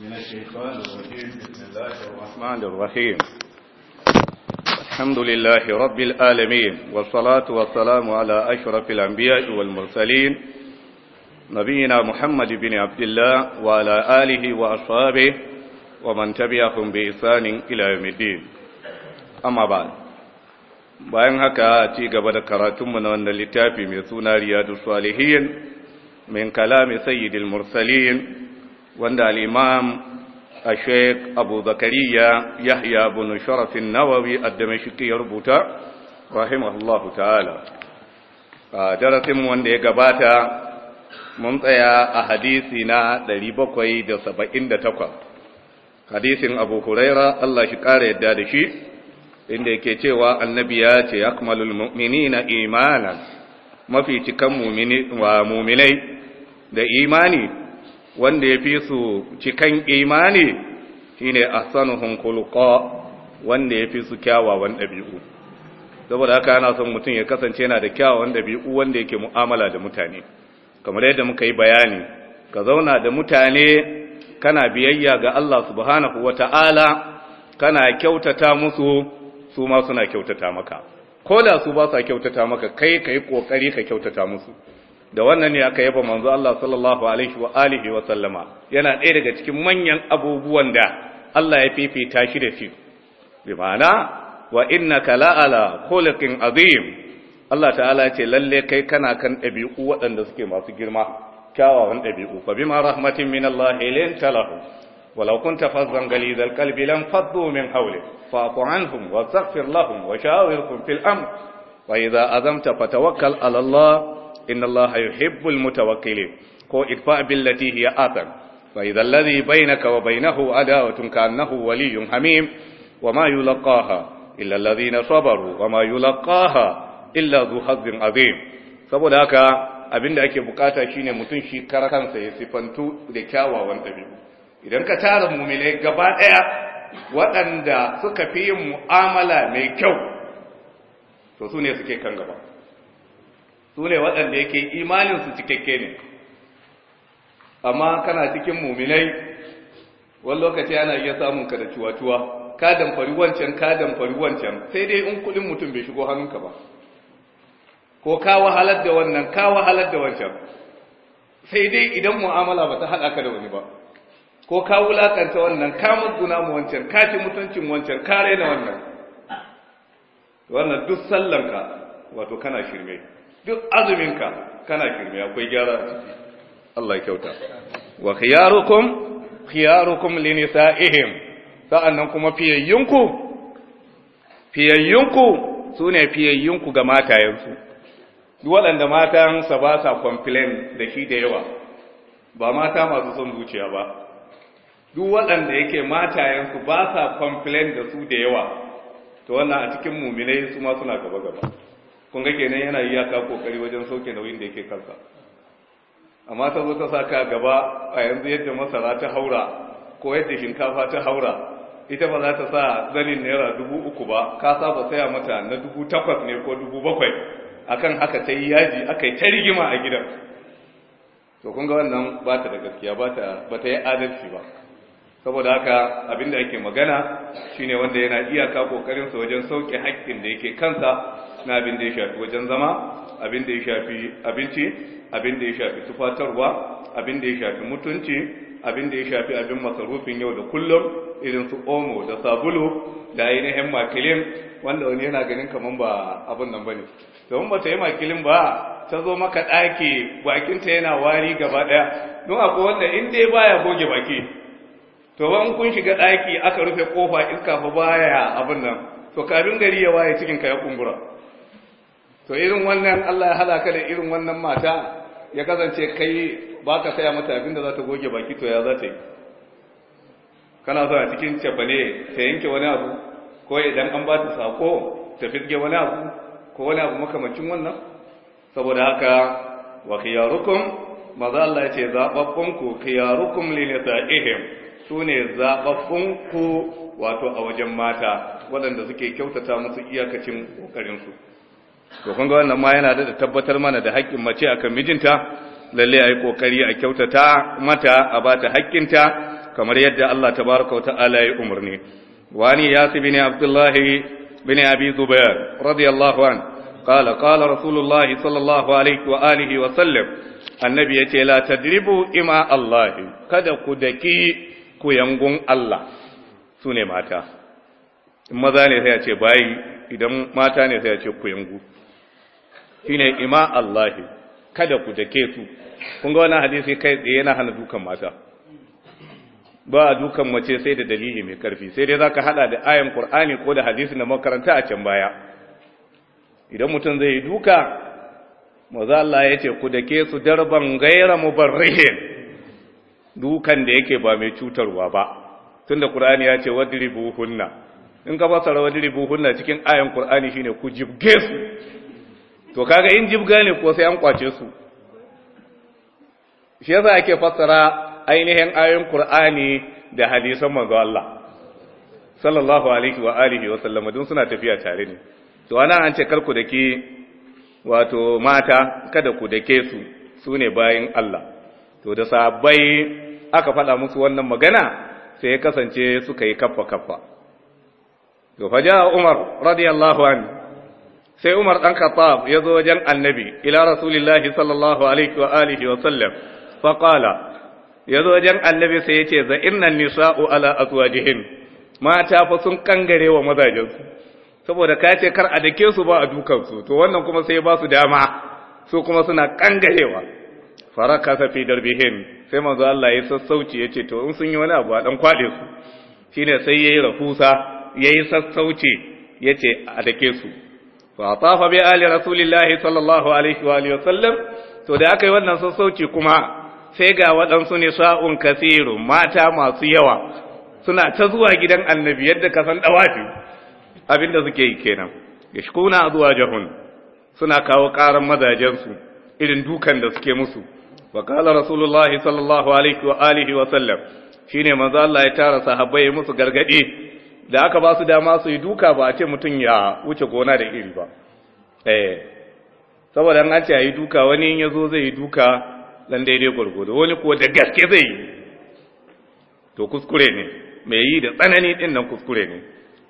من الشيطان الرجيم بسم الله الرحمن الرحيم الحمد لله رب العالمين والصلاة والسلام على أشرف الأنبياء والمرسلين نبينا محمد بن عبد الله وعلى آله وأصحابه ومن تبعهم بإحسان إلى يوم الدين أما بعد bayan haka ci gaba da karatunmu na wannan littafi mai suna riyadu salihin min kalami sayyidil mursalin wanda alimam a ash Abu Zakariya Yahya ibn Sharaf an-Nawawi ad-Damashqi ya rubuta rahimahullahu ta'ala a darasin wanda ya gabata mun tsaya a hadisi na 778 hadisin Abu Huraira Allah shi ƙara yadda da shi inda yake cewa annabi ya ce akmalul mu'minina imanan mafi cikan mu'minai da imani wanda ya fi su cikan imani shine sanuhun khuluqa wanda ya fi su kyawawan ɗabi'u saboda haka yana son mutum ya kasance yana da kyawawan ɗabi'u wanda yake mu'amala da mutane kamar yadda muka yi bayani ka zauna da mutane kana biyayya ga Allah subhanahu wata'ala kana kyautata musu su ma suna kyautata maka ko da su ba sa kyautata maka kai ka yi ƙoƙari ka kyautata musu da wannan ne aka yaba manzo Allah sallallahu alaihi wa alihi wa sallama yana ɗaya daga cikin manyan abubuwan da Allah ya fifita shi da shi bi ma'ana wa innaka la'ala khuluqin azim Allah ta'ala ya ce lalle kai kana kan ɗabi'u waɗanda suke masu girma kyawawan ɗabi'u fa bima rahmatin min Allah ilayka lahu ولو كنت فظا غليظ القلب لانفضوا من حولك فاعف عنهم واستغفر لهم fil في الامر واذا اذمت فتوكل على الله inna allaha yuhibbul mutawakkili ko idfa billati hiya athar fa idha alladhi bainaka wa bainahu adawatun ka'annahu waliyyun hamim wa ma yulqaha illa alladhina sabaru wa ma yulqaha illa dhu hazzin azim saboda haka abinda ake bukata shine mutum shi kar kansa ya sifantu da kyawawan dabi'u idan ka tara mu'minai gaba daya waɗanda suka fi yin mu'amala mai kyau to su ne suke kan gaba su ne waɗanda yake imaninsu cikakke ne amma kana cikin muminai wani lokaci ana iya samun ka da cuwa-cuwa ka damfari wancan ka damfari wancan sai dai in kudin mutum bai shigo hannunka ba ko ka wahalar da wannan ka wahalar da wancan sai dai idan mu'amala ba ta haɗa ka da wani ba ko ka wulakanta wannan ka mutuna mu wancan ka ci mutuncin wancan ka raina wannan wannan duk sallanka wato kana shirme duk azuminka kana kirmi akwai gyara a ciki Allah kyauta wa khiyarukum khiyarukum li sa'annan kuma fiyayyunku fiyayyunku sune fiyayyunku ga matayensu duk waɗanda matansa ba sa complain da shi da yawa ba mata masu son zuciya ba duk waɗanda yake matayensu ba sa complain da su da yawa to wannan a cikin muminai su ma suna gaba gaba kun ga kenan yana iyaka kokari wajen sauke nauyin da yake kansa amma ta zo ta saka gaba a yanzu yadda masara ta haura ko yadda shinkafa ta haura ita ba za ta sa zanin naira dubu uku ba ka saba saya mata na dubu takwas ne ko dubu bakwai akan haka ta yi yaji aka yi ta rigima a gidan to kun ga wannan ba ta da gaskiya ba ta yi adalci ba saboda haka abinda ake magana shine wanda yana iyaka kokarinsa wajen sauke haƙƙin da yake kansa na abin da ya shafi wajen zama abin da ya shafi abinci abin da ya shafi tufatarwa abin da ya shafi mutunci abin da ya shafi abin masarufin yau da kullum irin su omo da sabulu da ainihin makilin wanda wani yana ganin kamar ba abin nan bane mun ba ta yi makilin ba ta zo maka ɗaki ta yana wari gaba ɗaya don akwai wanda in dai baya goge baki to ba kun shiga ɗaki aka rufe kofa iska ba baya abin nan to kafin gari ya waye cikin ka ya kumbura to irin wannan Allah ya halaka da irin wannan mata ya kasance kai ba ka saya mata abin da za ta goge baki to ya za ta yi kana zuwa cikin cefane ta yanke wani abu ko idan an ba ta sako ta fitge wani abu ko wani abu makamacin wannan saboda haka wa khiyarukum maza Allah ya ce zaɓaɓɓun ku khiyarukum li nisa'ihim su ne ku wato a wajen mata waɗanda suke kyautata masu iyakacin ƙoƙarinsu to kun ga wannan ma yana da tabbatar mana da haƙƙin mace akan mijinta lalle ayi kokari a kyautata mata a bata haƙƙinta kamar yadda Allah tabaraka wa ta'ala ya umarni wani yasib bin abdullahi bin abi zubair radiyallahu an qala qala rasulullahi sallallahu alaihi wa alihi wa sallam annabi yace la tadribu ima allah kada ku daki ku yangun Allah sune mata in maza ne sai ya ce bayi idan mata ne sai ya ce ku yangun shine ima Allahi kada ku dake su kun ga wannan hadisi kai tsaye yana hana dukan mata ba a dukan mace sai da dalili mai karfi sai dai zaka hada da ayan Kur'ani ko da hadisi na makaranta a can baya idan mutum zai yi duka maza Allah ya ce ku dake su darban gaira mubarrihin dukan da yake ba mai cutarwa ba tunda Qur'ani ya ce wadribuhunna in ka fasara wadribuhunna cikin ayan Qur'ani shine ku jibge su to kaga in jibga ne ko sai an kwace su shi yasa ake fassara ainihin ayoyin Qur'ani da hadisan manzo Allah sallallahu alaihi wa alihi wa sallama dun suna tafiya tare ne to anan an ce karku dake wato mata kada ku dake su sune bayin Allah to da sabai aka faɗa musu wannan magana sai ya kasance suka yi kaffa kaffa to faja Umar radiyallahu anhu sai Umar dan Khattab ya zo wajen Annabi ila Rasulillahi sallallahu alaihi wa alihi wa sallam fa qala ya zo wajen Annabi sai ya ce za innan nisa'u ala azwajihin mata fa sun kangare wa mazajensu saboda ka ce kar a dake su ba a dukan su to wannan kuma sai ba su dama su kuma suna kangarewa faraka kasafi fi darbihin sai manzo Allah ya sassauci ya ce, to in sun yi wani abu a dan kwade su shine sai yayi rahusa yayi sassauci yace a dake su fa tafa bi ali rasulillahi sallallahu alaihi wa alihi to da aka yi wannan sassauci kuma sai ga waɗansu ne sa'un kasiru mata masu yawa suna ta zuwa gidan annabi yadda ka san dawafi abinda suke yi kenan yashkuna zuwa jahun suna kawo ƙaran mazajensu irin dukan da suke musu wa kala rasulullahi sallallahu alaihi wa alihi wa sallam shine manzo Allah ya tara sahabbai musu gargadi da aka ba su dama su yi duka ba a ce mutum ya wuce gona da iri ba eh saboda an ce yi duka wani ya yazo zai yi duka dan daidai gurgudu wani ko da gaske zai yi to kuskure ne mai yi da tsanani din nan kuskure ne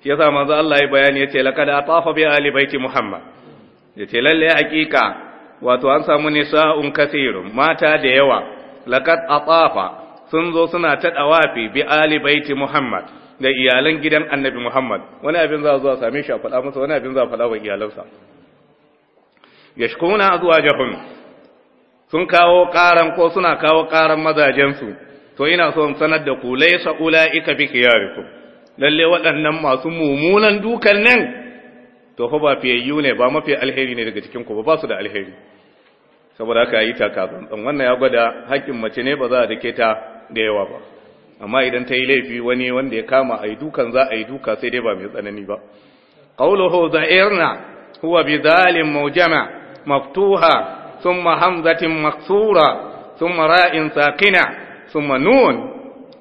shi yasa manzo Allah ya bayani yace laqad atafa bi ali baiti muhammad yace lalle hakika wato an samu nisa'un kasiru mata da yawa laqad atafa sun zo suna ta dawafi bi ali baiti muhammad da iyalan gidan annabi Muhammad wani abin za a zuwa same shi a faɗa masa wani abin za a faɗa wa iyalansa yashkuna azwajahum sun kawo ƙaran ko suna kawo ƙaran mazajensu to ina so in sanar da ku laysa ulaika bi khiyarikum lalle waɗannan masu mumunan dukan nan to fa ba fiyayyu ne ba mafi alheri ne daga cikin ku ba su da alheri saboda haka yi taka tsantsan wannan ya gwada haƙƙin mace ne ba za a dake ta da yawa ba amma idan ta yi laifi wani wanda ya kama a yi dukan za a yi duka sai dai ba mai tsanani ba ƙauluhu za'irna huwa bi zalim maujama maftuha ثم همزة مكسورة ثم راء ساكنة ثم نون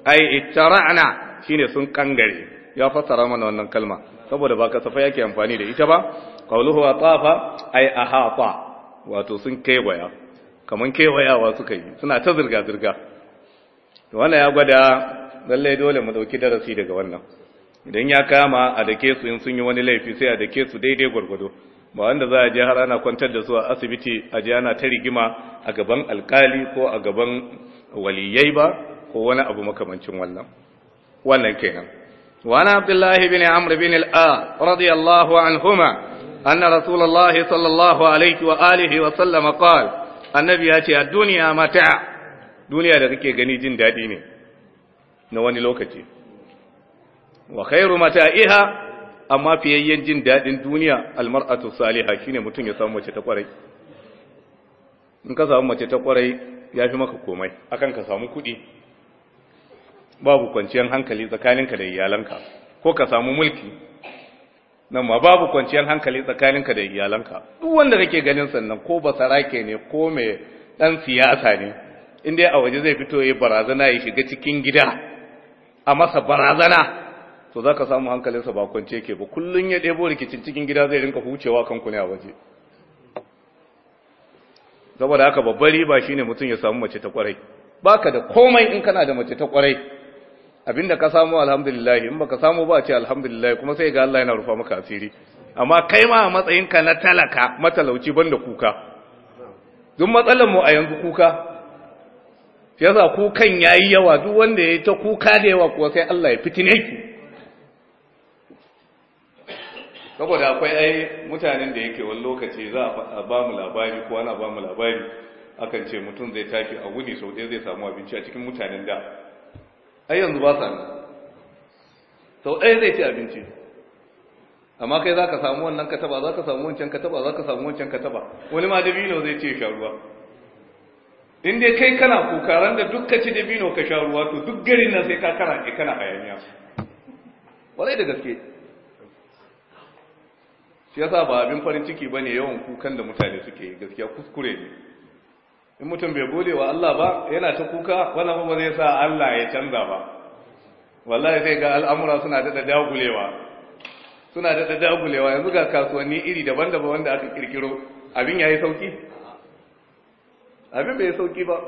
أي اترعنا shine sun kangare ya fassara mana wannan kalma saboda ba kasafa yake amfani da ita ba qawluhu wa ai ahata wato sun kewaya kaman kewayawa suka yi suna ta zirga zirga to wannan ya gwada lalle dole mu dauki darasi daga wannan idan ya kama a dake su in sun yi wani laifi sai a dake su daidai gwargwado ba wanda za a je har ana kwantar da su a asibiti a je ana ta rigima a gaban alkali ko a gaban waliyai ba ko wani abu makamancin wannan wannan kenan وعن عبد الله بن عمرو بن العاص رضي الله عنهما أن رسول الله صلى الله عليه وآله وسلم قال النبي أتي الدنيا متاع duniya da kake gani jin daɗi ne na wani lokaci wa khairu mata'iha amma fiyayyen jin daɗin duniya almar'atu saliha shine mutum ya samu mace ta kwarai in ka samu mace ta kwarai yafi maka komai akan ka samu kuɗi babu kwanciyar hankali tsakaninka da iyalanka ko ka samu mulki nan ma babu kwanciyar hankali tsakaninka da iyalanka duk wanda kake ganin sannan ko basarake ne ko mai dan siyasa ne in dai a waje zai fito ya barazana ya shiga cikin gida a masa barazana to za ka samu hankalinsa ba kwance ke ba kullum ya ɗebo rikicin cikin gida zai rinka hucewa kanku ne a waje saboda haka babbar riba shine mutum ya samu mace ta kwarai baka da komai in kana da mace ta kwarai abinda ka samu alhamdulillah in baka samu ba ce alhamdulillah kuma sai ga Allah yana rufa maka asiri amma kai ma a matsayinka na talaka matalauci banda kuka duk matsalar mu a yanzu kuka Fiyasa yasa kukan yi yawa duk wanda ya yi ta kuka da yawa kuwa sai Allah ya fitine ki saboda akwai ai mutanen da yake wani lokaci za a ba mu labari ko ana ba mu labari akan ce mutum zai tafi a wuni sau ɗaya zai samu abinci a cikin mutanen da ai yanzu ba sa sau ɗaya zai ci abinci amma kai za ka samu wannan kataba za ka samu wancan kataba za ka samu wancan kataba wani ma dabino zai ce sha ruwa in dai kai kana kuka da duk ka ci dabino ka sha ruwa to duk garin na sai ka karance kana hayaniya walai da gaske shi yasa ba abin farin ciki bane yawan kukan da mutane suke gaskiya kuskure ne in mutum bai gode wa Allah ba yana ta kuka wannan ba zai sa Allah ya canza ba wallahi zai ga al'amura suna da dagulewa suna da dagulewa yanzu ga kasuwanni iri daban-daban wanda aka kirkiro abin yayi sauki abin bai sauki ba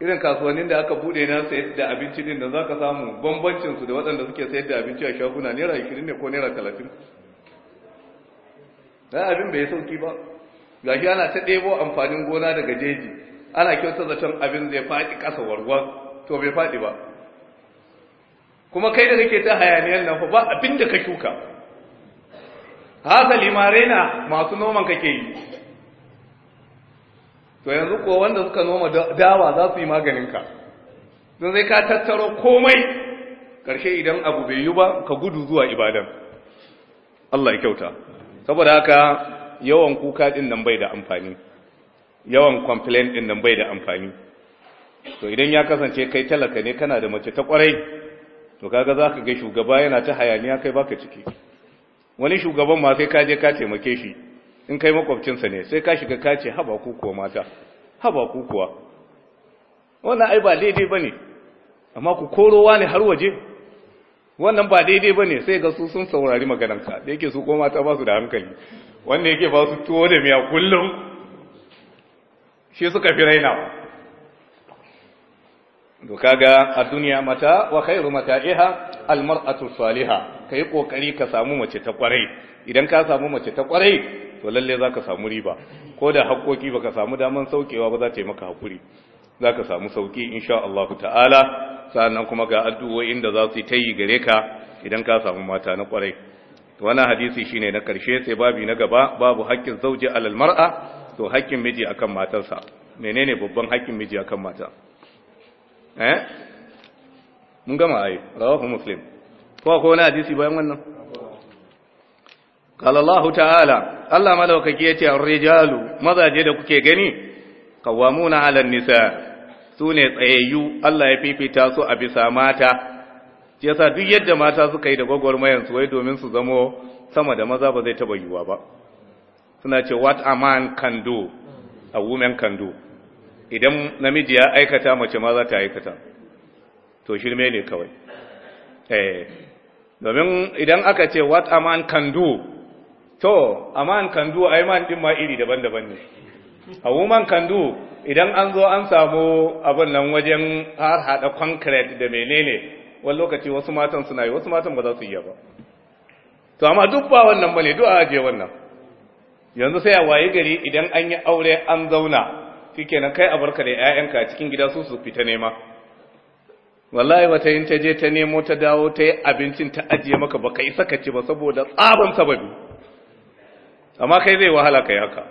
irin kasuwannin da aka bude na sayar da abinci din da zaka samu bambancin su da waɗanda suke sayar da abinci a shaguna naira 20 ne ko naira 30 dan abin bai sauki ba gashi ana ta ɗebo amfanin gona daga jeji ana kyauta zaton abin zai faɗi ƙasa warwar to bai faɗi ba kuma kai da kake ta hayaniyar nan fa ba abin da ka shuka hasali ma raina masu noman kake yi to yanzu ko wanda suka noma dawa za su yi maganinka don zai ka tattaro komai ƙarshe idan abu bai yi ba ka gudu zuwa ibadan Allah ya kyauta saboda haka yawan kuka ɗin nan bai da amfani yawan complain ɗin nan bai da amfani to idan ya kasance kai talaka ne kana da mace ta ƙwarai to kaga za ka ga shugaba yana ta hayaniya kai baka ciki wani shugaban ma sai ka je ka taimake shi in kai makwabcinsa ne sai ka shiga ka ce haba ku kuwa mata haba ku kuwa wannan ai ba daidai ba ne amma ku korowa ne har waje wannan ba daidai ba ne sai ga su sun saurari maganarka da yake su ko mata ba su da hankali wanda yake ba su tuwo da miya kullum shi suka fi raina doka ga a duniya mata wa khairu mata'iha almar'atu salihah kai kokari ka samu mace ta kwarai idan ka samu mace ta kwarai to lalle za ka samu riba ko da haƙoƙi ba ka samu daman saukewa ba za ta yi maka haƙuri za ka samu sauƙi insha Allah ta'ala sa'annan kuma ga addu'o'in da za su ta yi gare ka idan ka samu mata na ƙwarai wannan hadisi shine na ƙarshe sai babi na gaba babu haƙƙin zauji alal mar'a to haƙƙin miji akan matarsa menene babban haƙƙin miji akan mata eh mun gama ai rawahu muslim ko akwai wani hadisi bayan wannan قال Allah تعالى الله malaukaki yace ar-rijalu mazaje da kuke gani qawwamuna na an-nisa sune tsayayyu Allah ya fifita su a bisa mata yasa duk yadda mata suka yi da gwagwarmayan su wai domin su zamo sama da maza ba zai taba yiwuwa ba what a man can do a woman can do idan namiji ya aikata mace ma za ta aikata to shirme ne kawai eh domin idan aka ce what a man can do to aman kandu ai man din ma iri daban-daban ne a woman kandu idan an zo an samu abin nan wajen har hada concrete da menene wani lokaci wasu matan suna yi wasu matan ba za su yi ba to amma duk ba wannan bane duk a aje wannan yanzu sai a waye gari idan an yi aure an zauna shikenan kai a barka da ƴaƴanka cikin gida su su fita nema wallahi wata yin ta je ta nemo ta dawo ta yi abincin ta ajiye maka baka isa ka ci ba saboda tsaban sababi amma kai zai wahala kai haka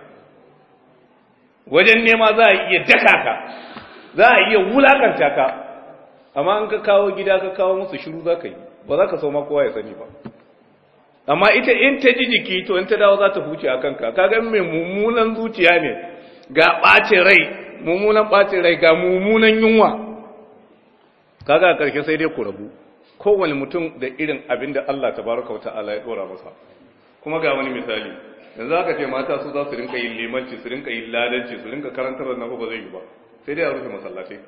wajen nema za a iya daka ka za a iya wulakanta ka amma an ka kawo gida ka kawo musu shiru za ka yi ba za ka so kowa ya sani ba amma ita in ta ji jiki to in ta dawo za ta huce a kanka ga mai mummunan zuciya ne ga ɓacin rai mummunan ɓacin rai ga mummunan yunwa kaga a ƙarshe sai dai ku rabu kowane mutum da irin abin da Allah tabaraka wata ala ya ɗora masa kuma ga wani misali yanzu aka ce mata su za su rinka yin limanci su rinka yin ladanci su rinka karantar da nafa ba zai yi ba sai dai a rufe masallatai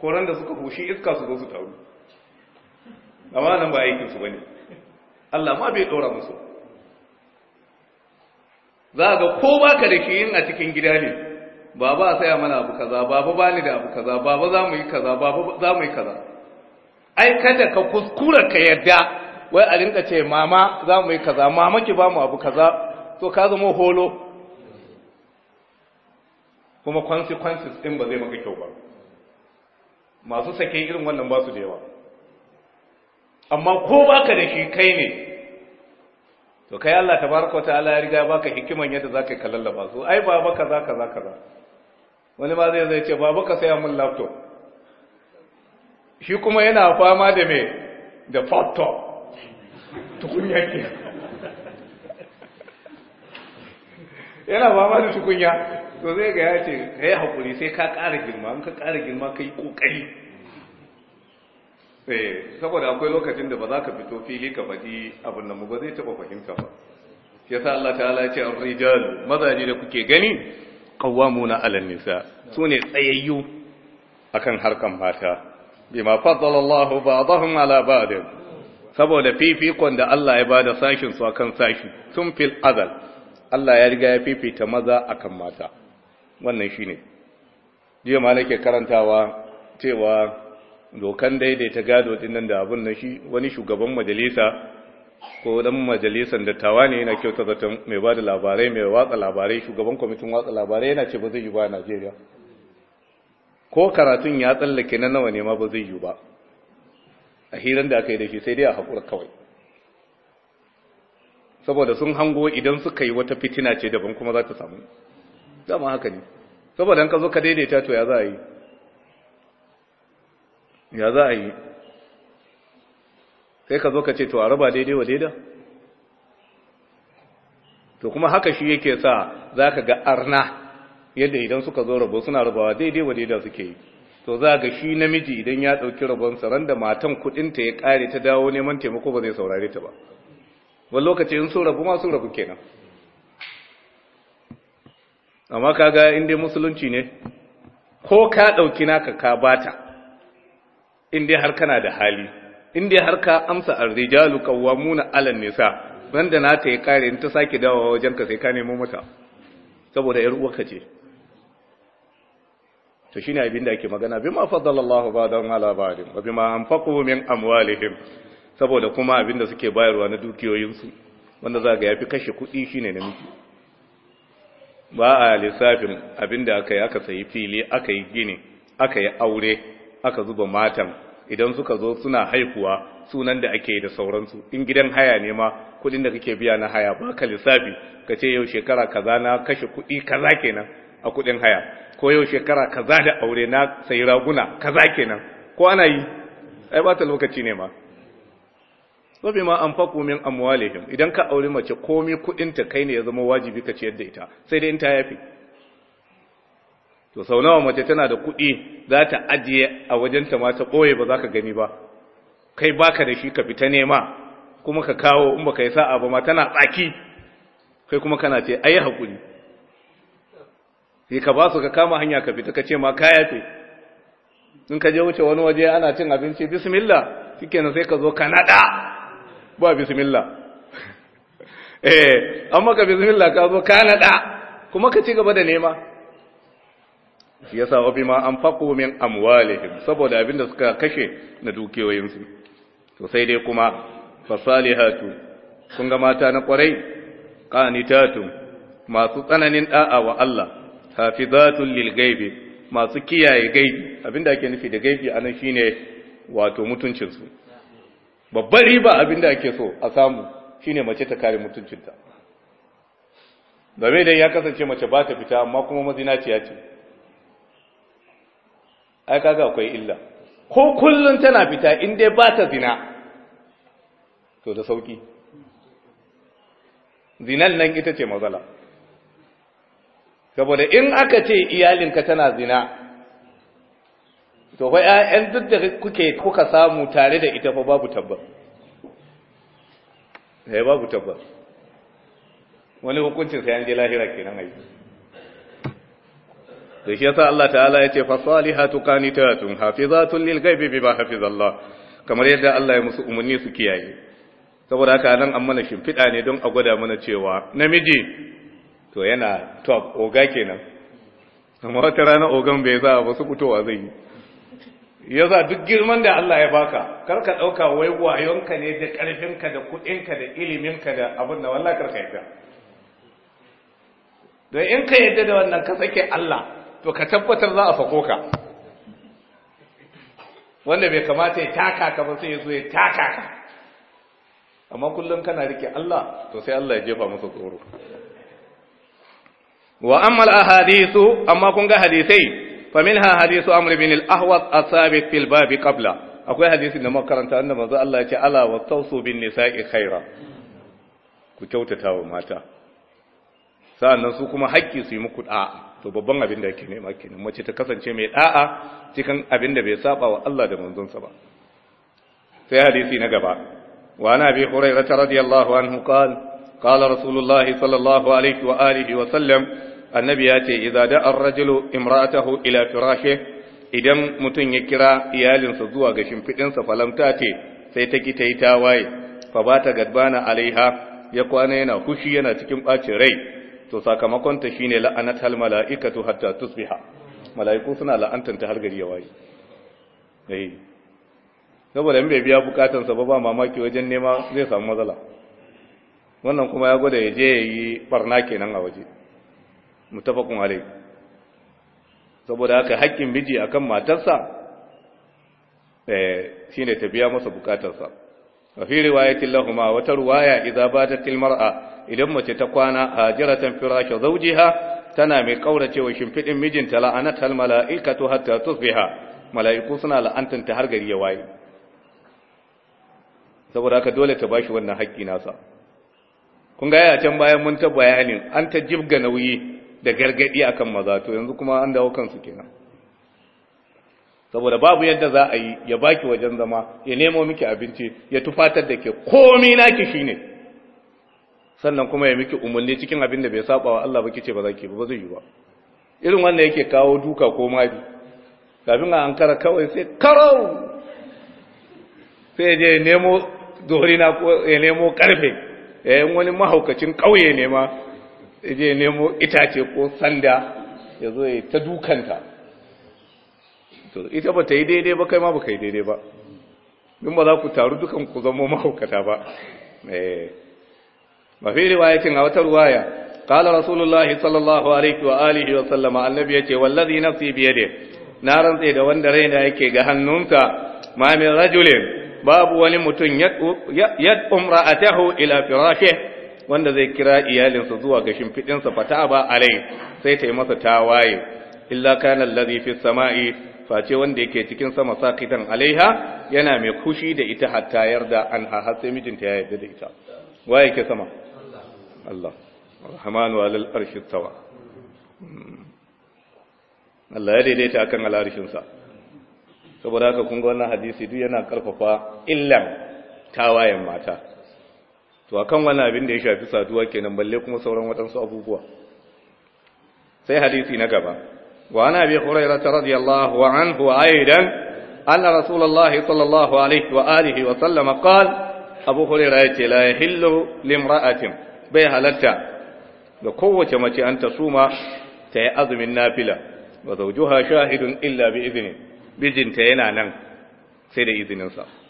ko ran da suka hushi iska su zo su taru amma nan ba aikin su bane Allah ma bai dora musu za ga ko baka da yin a cikin gida ne baba a saya mana abu kaza baba ba ni da abu kaza baba za mu yi kaza baba za mu yi kaza ai kada ka kuskura ka yadda wai a rinka ce mama za mu yi kaza mama ki ba mu abu kaza to ka zama holo kuma consequences ɗin ba zai maka kyau ba masu sake irin wannan ba su da yawa amma ko baka da shi kai ne to kai Allah tabaraka ta'ala ya riga baka hikiman yadda zaka ba su ai baba kaza kaza kaza wani ma zai zai ce baba ka saya mun laptop shi kuma yana fama da me da laptop tukunya ke yana fama da tukunya to zai ga ya ce ka yi haƙuri sai ka ƙara girma in ka ƙara girma ka yi ƙoƙari eh, saboda akwai lokacin da ba za ka fito fili ka faɗi abin nan ba zai taɓa fahimta ba ya sa Allah Ta ya ce an rijal mazaje da kuke gani na ala nisa su ne tsayayyu akan harkan mata bima faddala ba'dahum ala ba'd saboda fifikon da Allah ya bada sashin su akan sashi tun fil azal Allah ya riga ya fifita maza akan mata wannan shine jiya ma nake karantawa cewa dokan daidaita gado nan da abun nan shi wani shugaban majalisa ko dan majalisan dattawa ne yana kyauta zaton mai bada labarai mai watsa labarai shugaban kwamitin watsa labarai yana ce ba zai yi ba a Najeriya ko karatun ya tsallake na nawa ne ma ba zai yi ba a hirar da aka yi da shi sai dai a haƙura kawai saboda sun hango idan suka yi wata fitina ce daban kuma za ta samu dama haka ne saboda an ka zo ka daidaita to ya za a yi ya za a yi sai ka zo ka ce to a raba daidai wa daida to kuma haka shi yake sa za ka ga arna yadda idan suka zo rabo suna rabawa daidai wa daida suke yi to za ga shi namiji idan ya ɗauki rabon saran da matan kuɗinta ya ƙare ta dawo neman taimako ba zai saurare ta ba wani lokacin sun rabu ma sun rabu kenan amma kaga in dai musulunci ne ko ka ɗauki naka ka bata in dai har kana da hali in dai har ka amsa arrijalu qawwamuna 'alan nisa banda ta yi kare in ta sake dawo wajen ka sai ka nemo mata saboda yar uwarka ce to shine abin da ake magana bima faddalallahu ba'dan ala ba'din wa bima anfaqu min amwalihim saboda kuma abin da suke bayarwa na dukiyoyinsu wanda za ga ya fi kashe kuɗi shi ne namiji ba a lissafin abinda da aka yi aka sayi fili aka yi gini aka yi aure aka zuba matan idan suka zo suna haihuwa sunan da ake yi da sauransu in gidan haya ne ma kuɗin da kake biya na haya ba ka lissafi ka ce yau shekara kaza na kashe kuɗi kaza kenan a kuɗin haya ko yau shekara kaza da aure na sayi raguna kaza kenan ko ana yi ai ba ta lokaci ne ma wa bima anfaqu min amwalihim idan ka auri mace komai kudin ta kai ne ya zama wajibi ka ciyar da ita sai dai in ta yafi to sau nawa mace tana da kudi za ta ajiye a wajenta ma ta koye ba za ka gani ba kai baka da shi ka fita nema kuma ka kawo in baka yi sa'a ba ma tana tsaki kai kuma kana ce ayi hakuri sai ka ba su ka kama hanya ka fita ka ce ma ka yafe in ka je wuce wani waje ana cin abinci bismillah shikenan sai ka zo ka nada ba bismillah eh amma ka bismillah ka zo ka nada kuma ka ci gaba da nema shi yasa wa bima anfaqu min amwalihim saboda abinda suka kashe na dukiyoyinsu to sai dai kuma fasalihatu kun ga mata na kwarai ƙanitatu, masu tsananin da'a wa Allah hafizatul lil ghaibi masu kiyaye gaibi abinda ake nufi da gaibi anan shine wato mutuncinsu babbar riba abin da ake so a samu shine mace ta kare mutuncinta game dai ya kasance mace ba ta fita amma kuma mazina ce ai kaga akwai illa ko kullum tana fita in dai ba ta zina to da sauki zinan nan ita ce mazala saboda in aka ce iyalinka tana zina to fa ƴaƴan duk da kuke kuka samu tare da ita fa babu tabbas sai eh, babu tabbas wani hukuncin sai an je lahira kenan ai to shi yasa Allah ta'ala yace fa salihatu qanitatun hafizatun lil ghaibi bima hafizallah kamar yadda Allah ya musu umarni su kiyaye saboda haka nan an mana shimfiɗa ne don a gwada mana cewa namiji to yana top oga kenan amma wata rana ogan bai za a wasu fitowa zai yi ya za duk girman da Allah ya baka kar ka ɗauka wai wayonka ne da ƙarfinka da kuɗinka da iliminka da abin da wallah karka yadda da in ka yadda da wannan ka sake Allah to ka tabbatar za a sako ka wanda bai kamata ya taka ka ba sai ya zo ya taka ka amma kullum kana rike Allah to sai Allah ya jefa masa tsoro wa amma al-ahadithu amma kun ga hadisai fa minha hadisu amr bin al-ahwas asabit fil bab qabla akwai hadisi da makaranta annabi manzo Allah ce ala wa tawsu bin nisa'i khaira ku kyautata mata su kuma haƙƙi su yi muku da'a to babban abin da yake nema kenan mace ta kasance mai da'a cikin abin da bai saba wa Allah da manzonsa ba sai hadisi na gaba wa ana bi hurairah radiyallahu anhu qala qala rasulullahi sallallahu alaihi wa alihi wa sallam annabi ya ce idza da ar-rajulu imra'atahu ila firashi idan mutum ya kira iyalinsa zuwa ga shimfidinsa falamta ce sai ta ki ta yi tawaye fa ba ta gadbana alaiha ya kwana yana hushi yana cikin bacin rai to sakamakon ta shine la'anat hal mala'ikatu hatta tusbiha mala'iku suna la'antanta har gari ya waye eh saboda in bai biya bukatansa ba ba mamaki wajen nema zai samu matsala wannan kuma ya gwada ya je ya yi barna kenan a waje mutafakun alai saboda haka haƙƙin miji a kan matarsa eh, shi ne ta biya masa bukatarsa a fi riwayatin lahuma wata ruwaya ta tilmar a, idan mace ta kwana a firashe, zauji ha tana mai kauracewa shimfidin mijinta la'anat al mala'ikatu hatta ha mala'iku suna la'antanta har gari ya waye saboda haka dole ta bashi wannan haƙƙi nasa kun gaya can bayan mun ta bayanin an ta jibga nauyi da gargadi akan maza to yanzu kuma an dawo kansu kenan saboda babu yadda za a yi ya baki wajen zama ya nemo miki abinci ya tufatar da ke komai naki shine sannan kuma ya miki umarni cikin abin da bai saba wa Allah ba kice ba za ki ba zai yi ba irin wannan yake kawo duka ko mari kafin a ankara kawai sai karau sai je nemo dorina ko ya nemo karfe ya eh, yi wani mahaukacin kauye ne ma je nemo itace ko sanda ya zo ya ta dukanta to ita ba ta yi daidai ba kai ma ba kai daidai ba in ba za ku taru dukan ku zama mahaukata ba mafi eh. riwayatin a wata ruwaya قال رسول الله صلى الله عليه وآله وسلم wallazi nafsi والذي نفسي na نارن da wanda raina yake ga hannunsa ma min rajulin babu wani mutum ya ya umra'atahu ila firashi wanda zai kira iyalinsa zuwa ga shimfiɗinsa fata ba a alai sai ta yi masa tawaye illa kana allazi sama'i face wanda yake cikin sama sakitan alaiha yana mai kushi da ita hatta yarda an ha mijinta ya yarda da ita Waye ke sama Allah rahmanu arshi tawa hmm. Allah ya daidaita akan al'arshin sa saboda haka kun ga wannan hadisi duk yana karfafa illan tawayen mata to kan wani abin da ya shafi saduwa kenan balle kuma sauran waɗansu abubuwa sai hadisi na gaba wa ana bi hurairah radiyallahu anhu aidan anna rasulullah sallallahu alaihi wa alihi wa sallama qala abu hurairah yace la yahillu limra'atin bai halatta ga kowace mace an ta suma ta yi azumin nafila wa zawjuha shahidun illa bi idni bijinta yana nan sai da izininsa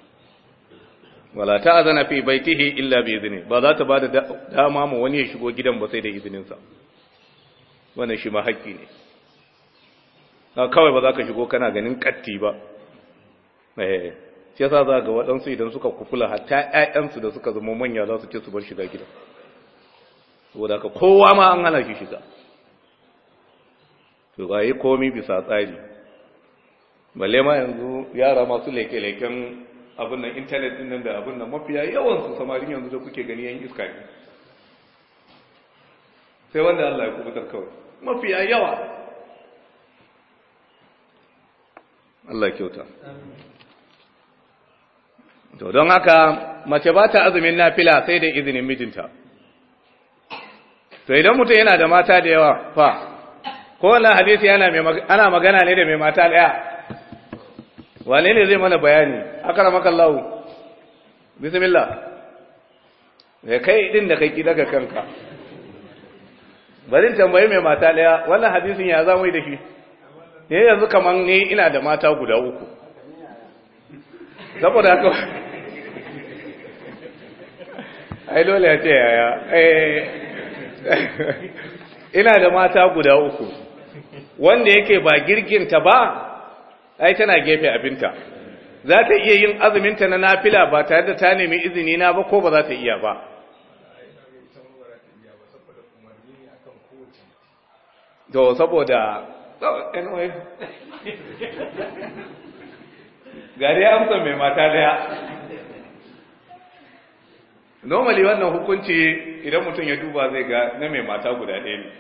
wala azana fi baitihi illa bi izni ba za ta ba da dama ma wani ya shigo gidan ba sai da izinin sa wannan shi ma haƙƙi ne kawai ba za ka shigo kana ganin katti ba eh shi yasa za ga waɗansu idan suka kufula hatta ƴaƴansu da suka zama manya za su ce su bar shiga gidan saboda ka kowa ma an hana shi shiga to ga yi komi bisa tsari balle ma yanzu yara masu leke-leken abin nan intanet din nan da abin nan mafiya yawan su samarin yanzu da kuke gani yan iska ne sai wanda Allah ya kubutar kawai mafiya yawa Allah kyauta to don haka mace ba ta azumin nafila sai da izinin mijinta to idan mutum yana da mata da yawa fa ko wannan hadisi yana ana magana ne da mai mata daya wane ne zai mana bayani akara makallahu bismillah da eh, kai din da kai kidaka kanka bazin tambayi mai mata daya wannan hadisin ya zamu da shi ne eh, yanzu kaman ni ina da mata guda uku saboda haka ai dole ya ce yaya eh, ina da mata guda uku wanda yake ba ta ba ai tana gefe abinta za ta iya yin azuminta na nafila ba tare da ta nemi izini na ba ko ba za ta iya ba to saboda oh, anyway gari amsa mai mata daya normally wannan hukunci idan mutum ya duba zai ga na mai mata guda ɗaya ne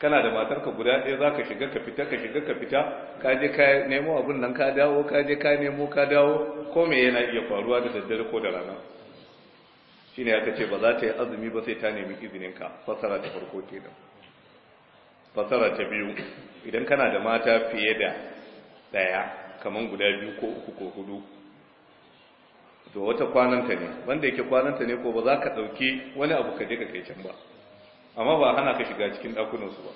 kana da matarka guda ɗaya za ka shiga ka fita ka shiga ka fita ka je ka nemo abin nan ka dawo ka je ka nemo ka dawo ko me yana iya faruwa da daddare ko da rana shine aka ce ba za ta yi azumi ba sai ta nemi izininka fasara ta farko kenan fasara ta biyu idan kana da mata fiye da ɗaya kamar guda biyu ko uku ko hudu to wata kwananta ne wanda yake kwananta ne ko ba za ka ɗauki wani abu ka je ka kai can ba amma ba hana ka shiga cikin ɗakunansu ba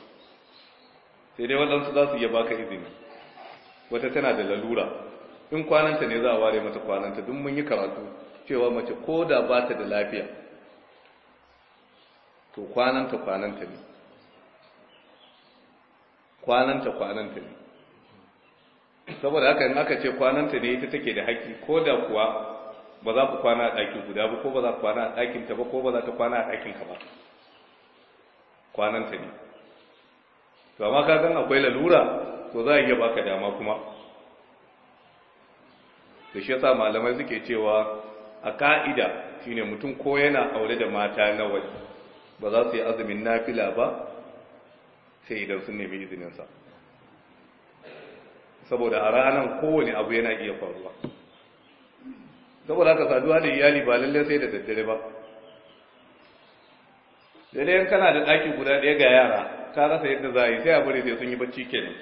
sai dai waɗansu za su iya baka izini wata tana da lalura in kwananta ne za a ware mata kwananta don mun yi karatu cewa mace ko da ba ta da lafiya to kwananta kwananta ne kwananta kwananta ne saboda haka in aka ce kwananta ne ita take da haƙƙi ko da kuwa ba za ku kwana a ɗakin guda ba ko ba za ku kwana a ɗakinta ba ko ba za ta kwana a ɗakinka ba kwanan ne to amma ka akwai lalura to za a iya baka dama kuma da shi yasa malamai suke cewa a ka'ida shine mutum ko yana aure da mata na waje ba za su yi azumin nafila ba sai idan sun nemi izininsa saboda a ranar kowane abu yana iya faruwa saboda haka saduwa da iyali ba lallai sai da daddare ba dai dai kana da ɗaki guda ɗaya ga yara ka rasa yadda za a yi sai a bari sai sun yi bacci kenan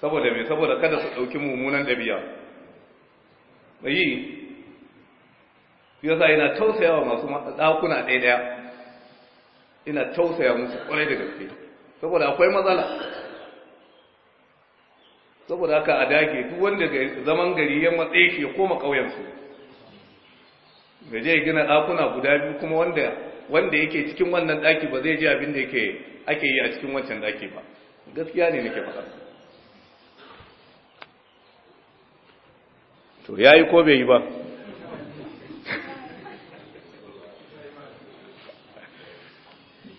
saboda mai saboda kada su ɗauki mummunan ɗabi'a yi yasa yana tausaya wa masu ɗakuna ɗaya ɗaya ina tausaya musu ƙwarai da gaske saboda akwai matsala saboda haka a dage duk wanda zaman gari ya matse shi ya koma ƙauyensu gaje ya gina ɗakuna guda biyu kuma wanda wanda yake cikin wannan daki ba zai ji abin da yake ake yi a cikin wancan daki ba gaskiya ne nake faɗa to yayi ko bai yi ba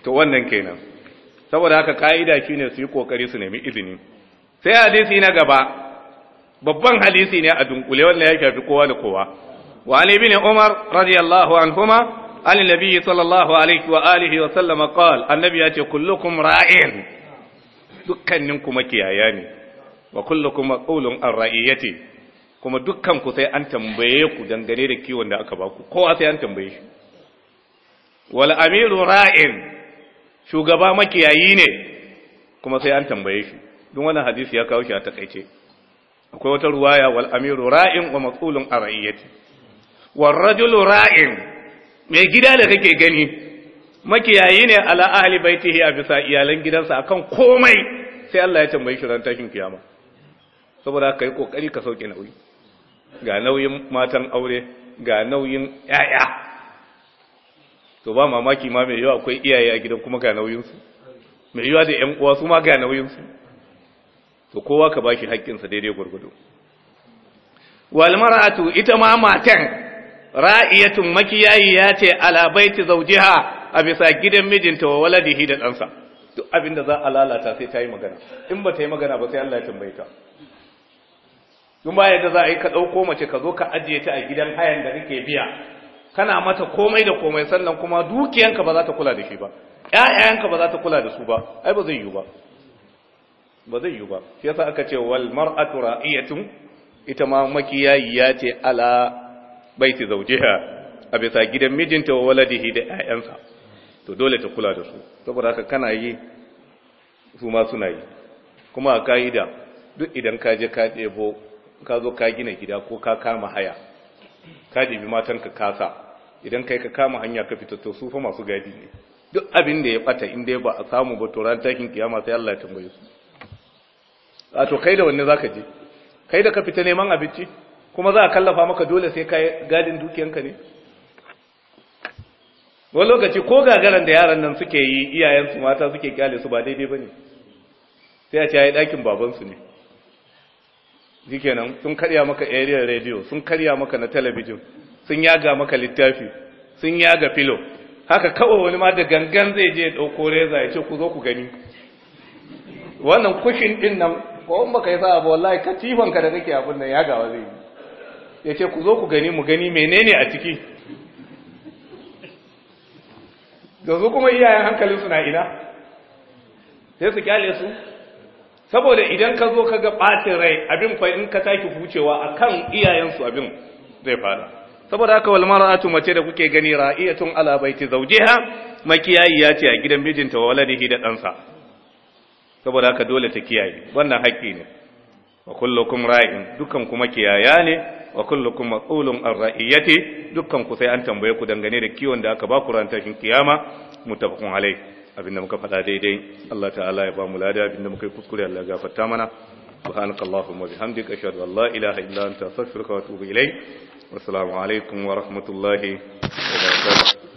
to wannan kenan saboda haka ka'ida shine su yi kokari su nemi izini sai hadisi na gaba babban hadisi ne a dunkule wanda ya shafi kowa da kowa wa ali bin umar radiyallahu anhuma an nabi sallallahu alaihi wa ya ce kulukun ra'in dukkanin ku makiyaya ne wa kullukum mas'ulun an ra'iyati kuma dukkan sai an tambaye ku dangane da kiwon da aka baku. ku kowa sai an tambaye shi wal ra'in shugaba makiyayi ne kuma sai an tambaye shi don wannan hadisi ya kawo shi a akwai wata ruwaya wal amiru ra'in wa mas'ulun ra'in mai gida da kake gani makiyayi ne ala ahli baitihi a bisa iyalan gidansa akan komai sai Allah ya tambaye shi ran tashin kiyama saboda kai kokari ka sauke nauyi ga nauyin matan aure ga nauyin yaya to ba mamaki ma mai yawa akwai iyaye a gidan kuma ga nauyin su mai yawa da 'yan uwa su ma ga nauyin su to kowa ka bashi haƙƙinsa daidai gurgudu wal mar'atu ita ma matan ra'iyatun makiyayi ya ce ala baiti zaujiha a bisa gidan mijinta wa waladihi da ɗansa duk abin da za a lalata sai ta yi magana in ba ta yi magana ba sai Allah ya tambaye ta ba yadda za a yi ka ɗauko mace ka zo ka ajiye ta a gidan hayan da kake biya kana mata komai da komai sannan kuma dukiyanka ba za ta kula da shi ba ƴaƴayanka ba za ta kula da su ba ai ba zai yiwu ba ba zai yiwu ba shi yasa aka ce wal mar'atu ra'iyatun ita ma makiyayi ya ce ala baiti zaujiha a bisa gidan mijinta wa waladihi da ƴaƴansa to dole ta kula da su saboda haka kana yi su ma suna yi kuma a ka'ida duk idan ka je ka ɗebo ka zo ka gina gida ko ka kama haya ka ɗebi ka kasa idan kai ka kama hanya ka fita to su fa masu gadi ne duk abin da ya bata in dai ba a samu ba to ran takin kiyama sai Allah ya tambaye su a to kai da wanne zaka je kai da ka fita neman abinci kuma za a kallafa maka dole sai ka gadin dukiyanka ne wani lokaci ko gagaran da yaran nan suke yi iyayensu mata suke kyale su ba daidai ba ne? sai a ce ai dakin babansu ne nan sun karya maka aerial radio sun karya maka na talabijin sun yaga maka littafi sun yaga filo haka kawai wani ma da gangan zai je ya dauko reza ya ce ku zo ku gani wannan kushin din nan ko in baka yi sa'a ba wallahi katifan ka da kake abin nan ya gawa zai yi ya ce ku zo ku gani mu gani menene a ciki yanzu kuma iyayen hankalin na ina sai su kyale su saboda idan ka zo ka ga ɓatin rai abin kwa in ka taki hucewa a kan iyayensu abin zai fara saboda haka wal mar'atu mace da kuke gani ra'iyatun ala baiti zawjiha makiyayi ya ce a gidan mijinta wa waladihi da ɗansa saboda haka dole ta kiyaye wannan haƙƙi ne wa kullukum ra'in dukan kuma kiyaya ne wa kullukum mas'ulun an ra'iyati dukkan ku sai an tambaye ku dangane da kiwon da aka ba ku ran tashin kiyama mutafaqun alai abinda muka faɗa daidai Allah ta'ala ya ba mu lada abinda muka yi kuskure Allah ya gafarta mana سبحانك اللهم وبحمدك أشهد أن لا إله wa أنت أستغفرك وأتوب إليك والسلام عليكم ورحمة الله وبركاته